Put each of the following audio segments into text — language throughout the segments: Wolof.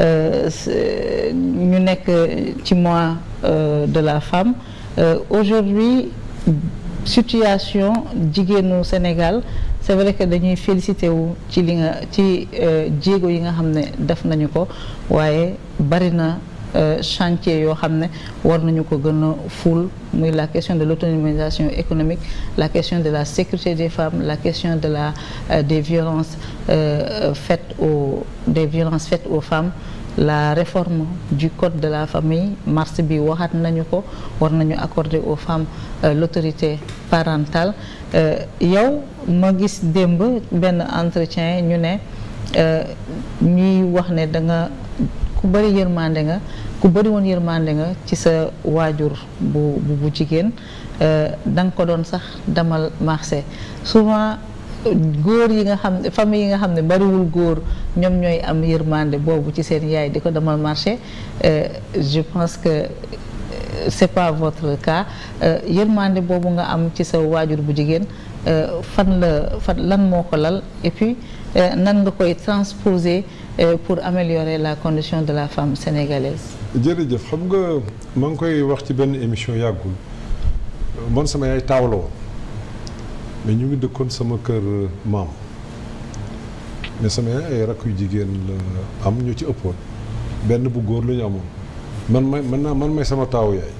Euh, ñu nekk ci mois euh, de la femme euh, aujourd'hui situation jigéenu Sénégal c'est vrai que dañuy félicité wu ci li nga ci jéego yi nga xam ne def nañu ko waaye bari na Euh, chantier yoo xam ne war nañu ko gën a ful muy la question de l'autonomisation économique la question de la sécurité des femmes la question de la euh, des violences euh, faites aux des violences faites aux femmes la réforme du code de la famille mars bi waxaat nañu ko war nañu accorder aux femmes l'autorité parentale yow ma gis démb benn entretien ñu ne ñuy wax ne danga ku bëri yërmande nga ku bëri woon yërmande nga ci sa waajur bu bu bu jigéen euh, da nga ko doon sax demal marché souvent góor yi nga xam ne famille yi nga xam ne bariwul góor ñoom ñooy am yërmande boobu ci seen yaay di ko demal marché euh, je pense que euh, c'est pas votre cas yërmande boobu nga am ci sa waajur bu jigéen Euh, fan la fan lan moo ko lal et puis euh, nan nga koy transposer euh, pour améliorer la condition de la femme sénégalaise. jërëjëf xam nga maa ngi koy wax ci benn émission yàggul man sama yaay taaw la woon mais ñu ngi dëkkoon sama kër maam mais sama yaay ay rakk yu jigéen la am ñu ci ëppoon benn bu góor lu ñu amoon man may naa man may sama taawu yaay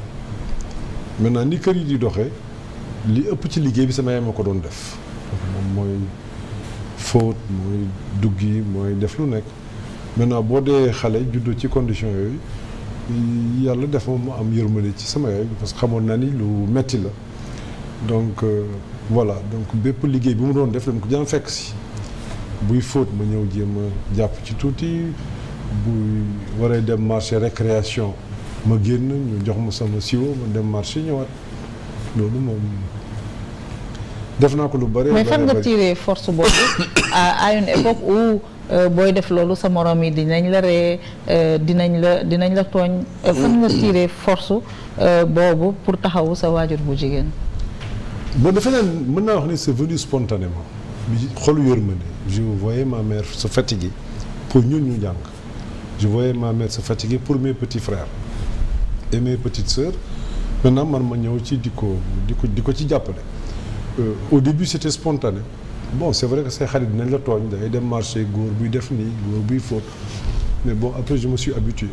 maintenant ni kër yi di doxee. li ëpp ci liggéey bi sama yaay moo ko doon def mooy fóot mooy duggi mooy def lu nekk maintenant boo dee xale juddoo ci condition yooyu yàlla def ma mu am yërmande ci sama yaay parce que xamoon naa ni lu metti la donc euh, voilà donc bépp liggéey bi mu doon def dama ko jaan fekk si buy fóot ma ñëw jéem a jàpp ci tuuti buy waree dem marché récréation ma génn ñu jox ma sama siwo ma dem marché ñëwaat loolu moom def naa ko lu bëri mais fan nga tiré force boobu à une époque où euh, booy def loolu sa morom yi dinañ la ree euh, dinañ la dinañ la tooñ. Euh, fan nga tiré force boobu pour taxawu sa waajur bu jigéen. bon defe naa mën naa wax ni c'est venu spontanément. bi xolu yërmande je voyais ma mère se pour ñun ñu jàng je voyais ma mère pour mes petits frères et mes petites sœurs maintenant man ma ñëw ci di ko di ko di ko ci jàppale. au début c'était spontané bon c'est vrai que say xarit nañ la tooñ dangay dem marché góor buy def nii góor buy fóot mais bon après je me suis habitué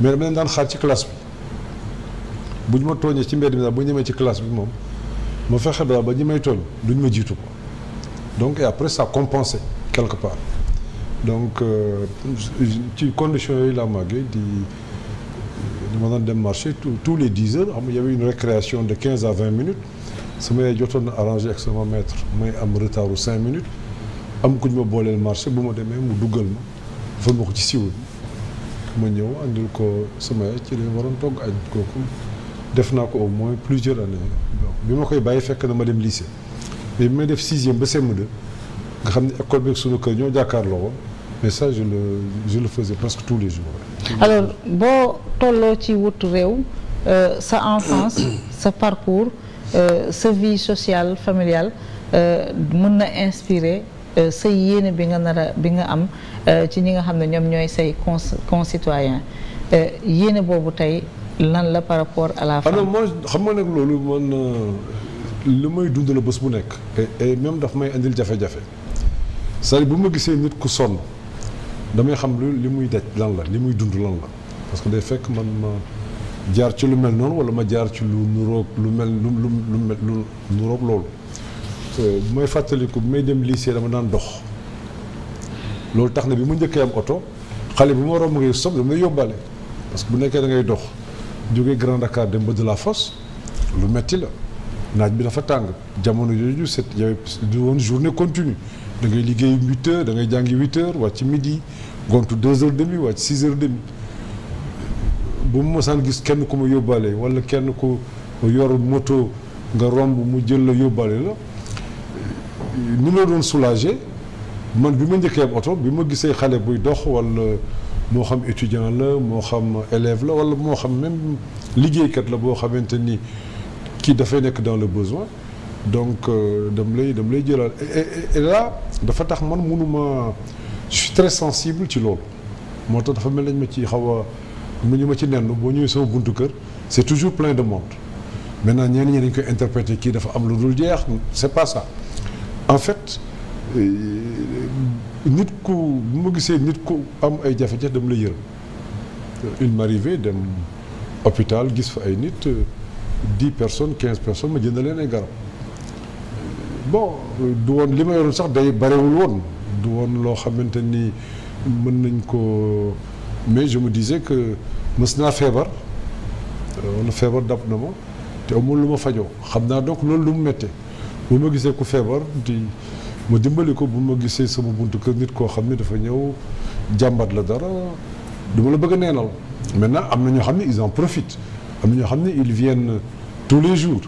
mais dama daan xaar ci classe bi bu ñu ma tooñee ci mber mi daal bu ñu ci classe bi moom ma fexe daal ba ñi may tooñ duñ ma jiitu ko donc et après ça compensé quelque part donc euh, ci condition yooyu laa màggee di dama daan dem marché tous les dix heures xam nga une récréation de quinze à vingt minutes sama yaay jotoon na arrangé ak sama maître may am retard u cinq minutes am kuñ ma booleel marché bu ma demee mu duggal ma defal ma ko ci siw ma ñëw andil ko sama yaay ci lañ waroon togg ak kooku def naa ko au moins plusieurs années bi ma koy bàyyi fekk na ma dem lycée mais bi may def sixième ba CM2 nga xam ne école beeg sunu kër ñoo jàkkaarloo woon mais ça je le je le faisais presque tous les jours. alors boo tolloo ci wut réew euh, sa enfance sa parcours. Euh, sa vie sociale familiale euh, mën na inspirer euh, sa yéene bi nga nar bi nga am ci ñi nga xam ne ñoom ñooy say concitoyens yéene boobu tey lan la par rapport à la femme. alors xam nga nag loolu man li may dund la bés bu nekk. et même daf may indil jafe-jafe bu ma gisee nit ku sonn damay xam lu li muy daj lan la li muy dund lan la parce que day fekk man ma. jaar ci lu mel noonu wala ma jaar ci lu nuroog lu mel lu lu lu lu nuroog loolu bu may fàttaliku bu may dem lise dama daan dox loolu tax na bi mu njëkkee am oto xale bi ma romb ngay sob dama lay yóbbaale parce bu nekkee da ngay dox jógee Grand Dakar dem ba de la fosse lu metti la naaj bi dafa tàng jamono jooju set yow du woon journée continue da ngay liggéey huit heures da ngay jàngi huit heures wàcc ci midi gontu deux heures demi wàcc six heures demi bu mu mosaan gis kenn ku ma yóbbaale wala kenn ku yor moto nga romb mu jël la yóbbaale la ni ma doon soulagé man bi ma njëkkee ab oto bi ma gisee xale buy dox wala moo xam étudiant la moo xam élève la wala moo xam même liggéeykat la boo xamante ni kii dafay nekk dans le besoin donc euh, dam lay dam lay jëlaat et dafa tax man mënuma je sensible ci loolu moo tax dafa mel nañ ma ci xaw mu ñu ma ci nenn boo ñëwee sama buntu kër c'est toujours plein de monde maintenant ñenn ñi dañ koy interpréter kii dafa am lu dul jeex c'est pas ça en fait euh, nit ku bu ma gisee nit ku am ay jafe-jafe dama la yërëm il m'arrivait dem hôpital gis fa ay nit dix personnes quinze personnes ma jënd leen ay garab bon du woon li ma yoroon sax day barewul woon du woon loo xamante ni mën nañ ko mais je me disais que mës naa feebar euh, wala feebar dab na ma te amul lu ma fajoo xam naa donc loolu lu mu mette bu ma gisee ku feebar di ma dimbali ko bu ma gisee sama buntu kër nit koo xam ne dafa ñëw jàmbat la dara du la bëgg a neenal. maintenant am na ñoo xam ne ils en profitent am na ñoo xam ne ils viennent tous les jours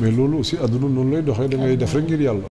mais loolu aussi àdduna noonu lay doxee da ngay def rek ngir yàlla.